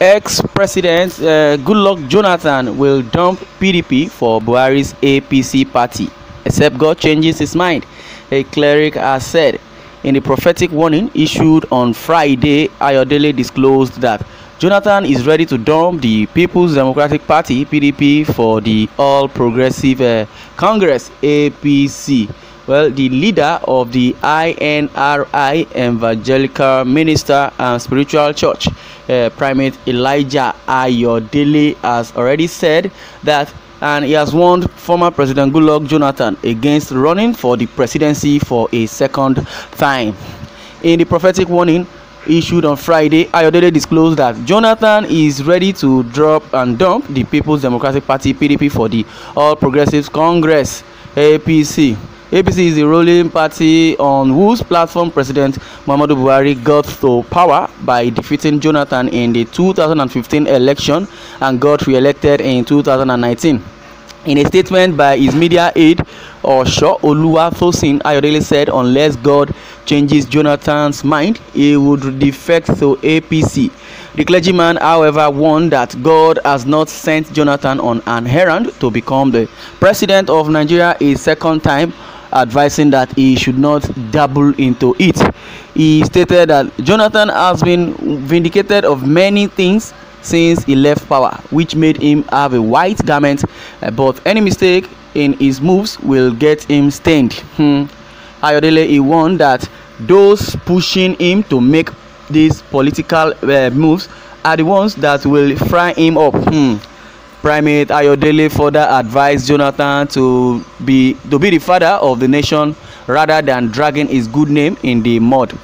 Ex-President uh, Goodluck Jonathan will dump PDP for Buhari's APC party, except God changes his mind, a cleric has said. In a prophetic warning issued on Friday, Ayodele disclosed that Jonathan is ready to dump the People's Democratic Party (PDP) for the All Progressive uh, Congress (APC). Well, the leader of the INRI Evangelical Minister and Spiritual Church uh, Primate Elijah Ayodele has already said that and he has warned former President Goodluck Jonathan against running for the presidency for a second time. In the prophetic warning issued on Friday, Ayodele disclosed that Jonathan is ready to drop and dump the People's Democratic Party PDP for the All Progressives Congress APC. APC is the ruling party on whose platform President Muhammadu Buhari got to power by defeating Jonathan in the 2015 election and got re-elected in 2019. In a statement by his media aide, Osho Oluwatosin Ayodele said, unless God changes Jonathan's mind, he would defect to APC. The clergyman, however, warned that God has not sent Jonathan on an errand to become the president of Nigeria a second time advising that he should not dabble into it. He stated that Jonathan has been vindicated of many things since he left power, which made him have a white garment, eh, but any mistake in his moves will get him stained. Hmm. Ayodele he warned that those pushing him to make these political uh, moves are the ones that will fry him up. Hmm. Prime Minister Ayodele further advised Jonathan to be to be the father of the nation rather than dragging his good name in the mud.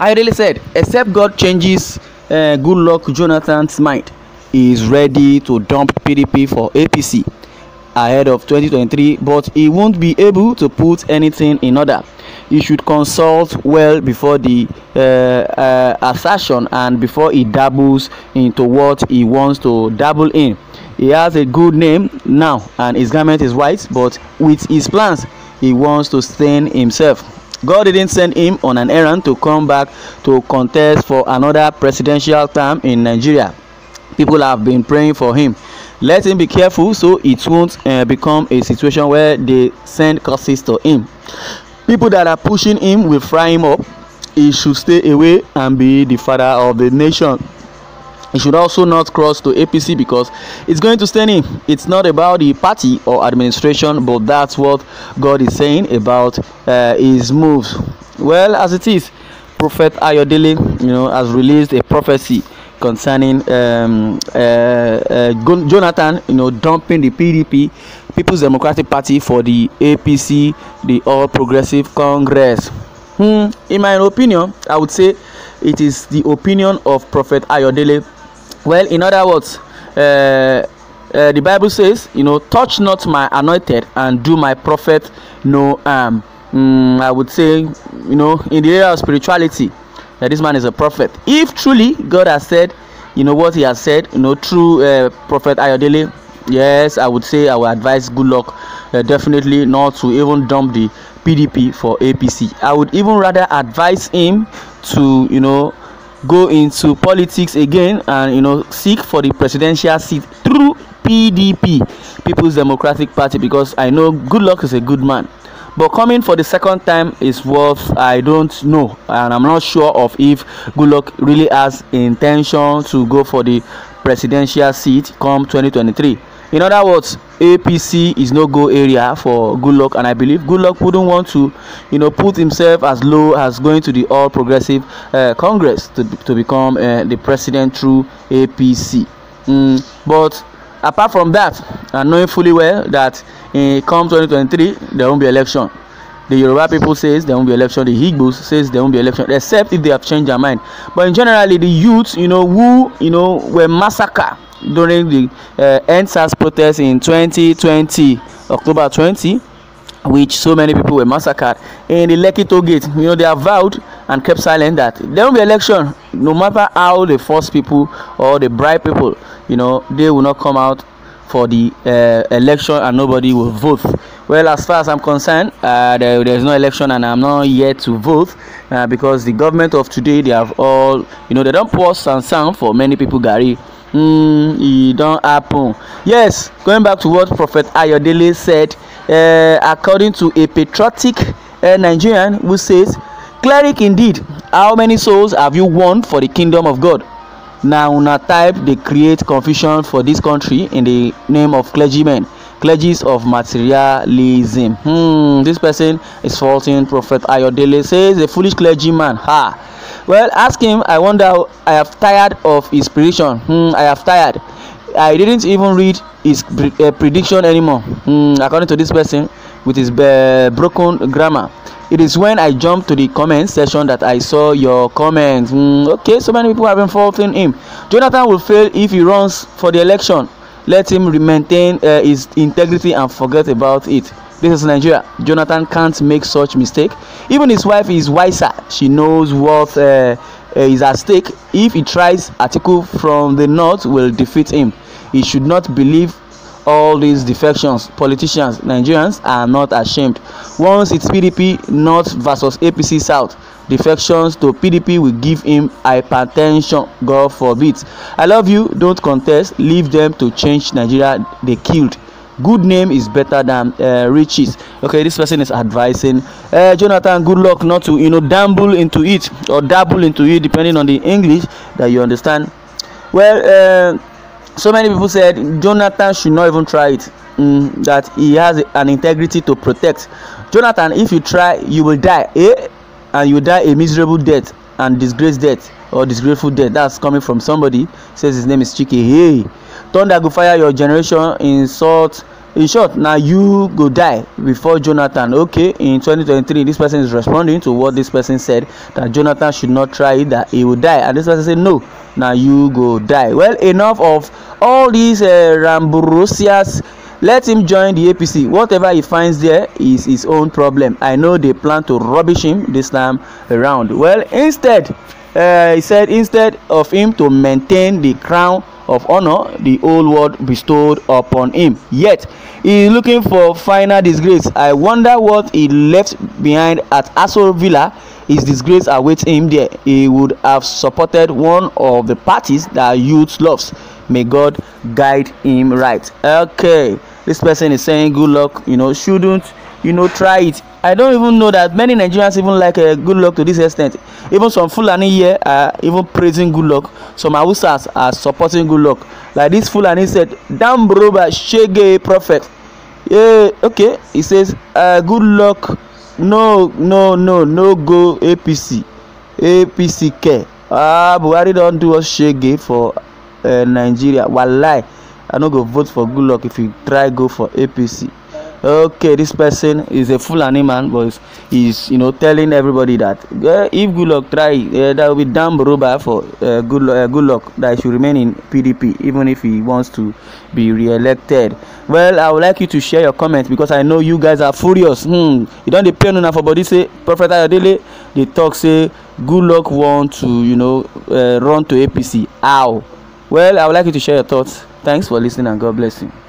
Ayodele said, "Except God changes uh, good luck Jonathan's mind, he is ready to dump PDP for APC ahead of 2023, but he won't be able to put anything in order." He should consult well before the uh, uh, assertion and before he dabbles into what he wants to dabble in he has a good name now and his garment is white but with his plans he wants to stain himself god didn't send him on an errand to come back to contest for another presidential term in nigeria people have been praying for him let him be careful so it won't uh, become a situation where they send curses to him people that are pushing him will fry him up he should stay away and be the father of the nation it should also not cross to APC because it's going to stand in. It's not about the party or administration, but that's what God is saying about uh, his moves. Well, as it is, Prophet Ayodele, you know, has released a prophecy concerning um, uh, uh, Jonathan, you know, dumping the PDP, People's Democratic Party, for the APC, the All Progressive Congress. Hmm, in my opinion, I would say it is the opinion of Prophet Ayodele well, in other words, uh, uh, the Bible says, you know, touch not my anointed and do my prophet no harm. Um, mm, I would say, you know, in the area of spirituality, that this man is a prophet. If truly God has said, you know, what he has said, you know, through uh, Prophet Ayodele, yes, I would say I would advise good luck, uh, definitely not to even dump the PDP for APC. I would even rather advise him to, you know, go into politics again and you know seek for the presidential seat through PDP, People's Democratic Party, because I know Goodluck is a good man. But coming for the second time is worth. I don't know, and I'm not sure of if Goodluck really has intention to go for the presidential seat come 2023. In other words, APC is no go area for Goodluck, and I believe Goodluck wouldn't want to, you know, put himself as low as going to the All Progressive uh, Congress to, to become uh, the president through APC. Mm, but apart from that, and knowing fully well that in come 2023 there won't be election. The Yoruba people says there won't be election. The Igbos says there won't be election, except if they have changed their mind. But in generally, the youths, you know, who you know were massacred during the uh, protest in 2020 october 20 which so many people were massacred in the Lekito gate you know they vowed and kept silent that there will be election no matter how they force people or they bribe people you know they will not come out for the uh, election and nobody will vote well as far as i'm concerned uh, there, there's no election and i'm not yet to vote uh, because the government of today they have all you know they don't pause and sound for many people gary um e don happun. yes going back to what prophet ayodele said uh, according to a patriotic uh, nigerian who says cleric indeed how many souls have you won for the kingdom of god na una type dey create confusion for dis country in the name of clergymen clergies of materialism. Hmm, this person is faulting Prophet Ayodele. Says a foolish clergyman. Ha. Well, ask him. I wonder. I have tired of his prediction. Hmm, I have tired. I didn't even read his pre uh, prediction anymore. Hmm, according to this person, with his eh, broken grammar. It is when I jumped to the comment section that I saw your comments. Mm, okay, so many people have been faulting him. Jonathan will fail if he runs for the election. let him maintain uh, his integrity and forget about it this is nigeria jonathan can't make such mistake even his wife is wiser she knows what uh, uh is at stake if he tries atiku from the north will defeat him he should not believe all these defections politicians nigerians are not ashamed once it's pdp north versus apc south defections to pdp will give him hypertension god forbid i love you don't contest leave them to change nigeria they killed good name is better than uh, riches okay this person is advising uh, jonathan good luck not to you know dabble into it or dabble into it depending on the english that you understand well uh, so many people said jonathan should not even try it mm, that he has an integrity to protect jonathan if you try you will die eh and you die a miserable death and disgrace death or disgraceful death that's coming from somebody says his name is chike hey thunder go fire your generation short, in short na you go die before jonathan okay in 2023 this person is responding to what this person said that jonathan should not try it that he will die and this person say no na you go die well enough of all these uh, ramburusias let him join the apc whatever he finds there is his own problem i know they plan to rubbish him this time around well instead uh, he said instead of him to maintain the crown of honor the whole world bestowed upon him yet he is looking for final disgrace i wonder what he left behind at Aso Villa his disgrace awaits him there he would have supported one of the parties that youth loves may God guide him right okay this person is saying good luck you know shouldn't you know try it I don't even know that many Nigerians even like uh, good luck to this extent. Even some Fulani here are even praising good luck. Some Hausas are supporting good luck. Like this Fulani said, Damn Broba Shege Prophet. Yeah, okay. He says, uh, good luck. No, no, no, no go APC. APC care. Ah, uh, Buhari don't do us shege for uh, Nigeria. Wallahi, I no go vote for good luck if you try go for APC okay this person is a fulani man but he's you know telling everybody that uh, if good try uh, that will be damn roba for uh, good, uh, good luck that should remain in pdp even if he wants to be re-elected well i would like you to share your comments because i know you guys are furious hmm you don dey pain una for body say prophet ayodele dey talk say good want to you know uh, run to apc how well i would like you to share your thoughts thanks for listening and god bless you.